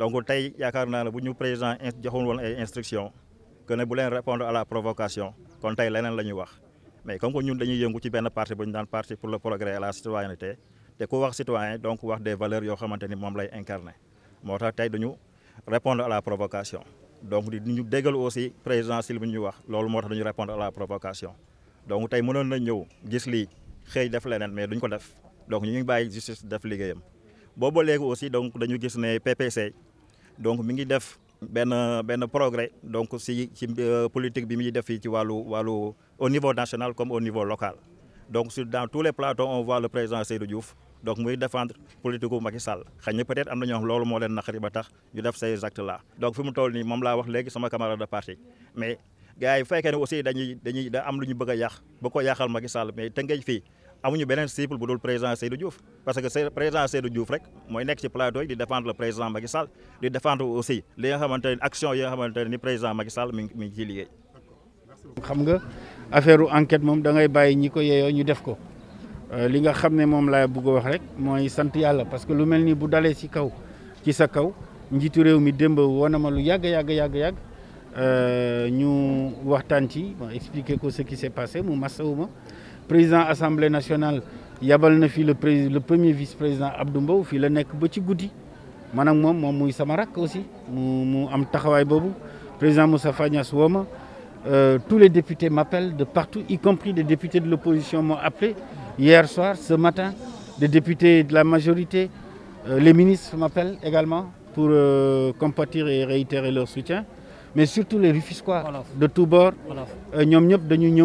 donc tey y a ne bu ñu président joxoon woon ay instructions que ne bu répondre à la provocation kon tey leneen la ñuy wax mais comme nous ñun dañuy yëngu ci benn parti bu ñu parti pour le progrès et la citoyenneté te ku wax citoyen donc wax des valeurs qui xamante ni moom lay incarner moo tax tey répondre à la provocation donc di ñu déggal aussi président si li ñu wax loolu répondre à la provocation donc tey mënoon na ñëw gis lii xëy def leneen mais duñ ko def donc ñu ngi bàyyi justice def liggéeyam boobu léegi aussi donc dañu gis ne PPC donc mi ngi def benn benn progrès donc si ci euh, politique bi muy def ci wàllu wàllu au niveau national comme au niveau local donc dans tous les plateaux on voit le président Seydou Diouf donc muy défendre politique gu Macky Sall xëy na peut-être am na ñoo xam loolu moo leen naqari ba tax ñu def ces actes là donc fi mu toll nii moom laa wax léegi sama camarade de parti mais gars yi fekkee ne aussi dañuy dañuy da am lu ñu bëgg a yàq ko yàqal Macky Sall mais Tëngéej fii amuñu belle cible pour le président Seydou Diouf parce que président Seydou Diouf rek ci plateau défendre le président Macky Sall défendre aussi li nga action président Macky Sall mi affaire enquête da ngay ñu def ko euh, li nga parce que lu bu ci kaw ci sa kaw mi yag euh, expliquer ce qui s'est passé mu président assemblée nationale yabal Nefi, le le premier vice président Abdoumba qui est la ba ci aussi am président Moussa Niasse euh, tous les députés m'appellent de partout y compris des députés de l'opposition m'ont appelé hier soir ce matin des députés de la majorité euh, les ministres m'appellent également pour euh, compatir et réitérer leur soutien mais surtout les Rufisquois de tous bords euh, ñoom nous. dañu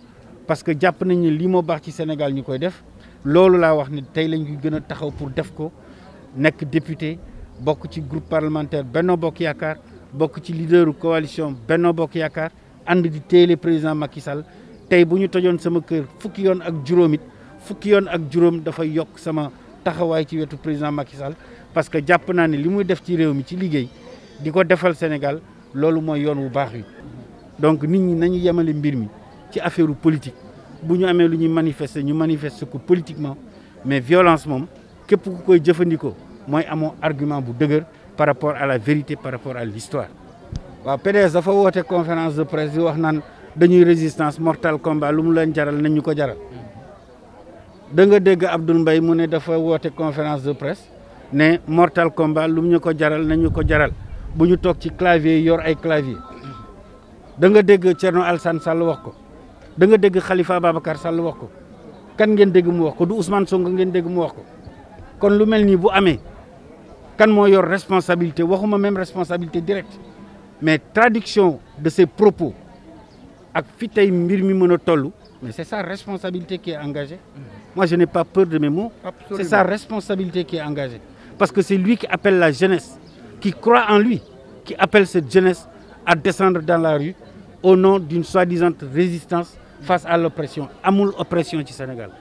parce que jàpp nañ ne lii moo baax ci Sénégal ñu koy def loolu laa wax ne tey lañ gën a taxaw pour def ko nekk député bokk ci groupe parlementaire Benno Bokk Yaakaar bokk ci leaderu coalition Benno Bokk Yaakaar ànd di téele président Macky tey bu ñu tojoon sama kër fukki yoon ak juróomit fukki yoon ak juróom dafay yokk sama taxawaay ci wetu président Macky parce que jàpp naa ne li muy def ci réew mi ci liggéey di ko defal Sénégal loolu mooy yoon wu baax wi donc nit ñi nañu yemale mbir mi. ci affaire politique bu ñu amee lu ñuy manifester ñu politiquement mais violence moom képp ku koy Moi, mooy amoo argument bu dëgër par rapport à la vérité par rapport à l'histoire waaw PDS dafa woote conférence de presse di wax naan dañuy résistance mortal combat lu mu leen jaral nañ ñu ko jaral da nga dégg Abdoul Mbaye mu ne dafa conférence de presse né mortal combat lu ñu ko jaral nañu ko jaral buñu tok ci clavier yor ay clavier da nga dégg Thierno Alsan Sall wax ko da nga dégg Khalifa Ababacar wax ko kan ngeen dégg mu wax ko du Ousmane song ngeen dégg mu wax ko kon lu responsabilité waxuma même responsabilité directe mais traduction de ses propos ak fi tey mais c'est sa responsabilité qui est engagée moi je n'ai pas peur de mes mots c'est sa responsabilité qui est engagée parce que c'est lui qui appelle la jeunesse qui croit en lui qui appelle cette jeunesse à descendre dans la rue au nom d'une soi-disant résistance face à l'oppression amul oppression du Sénégal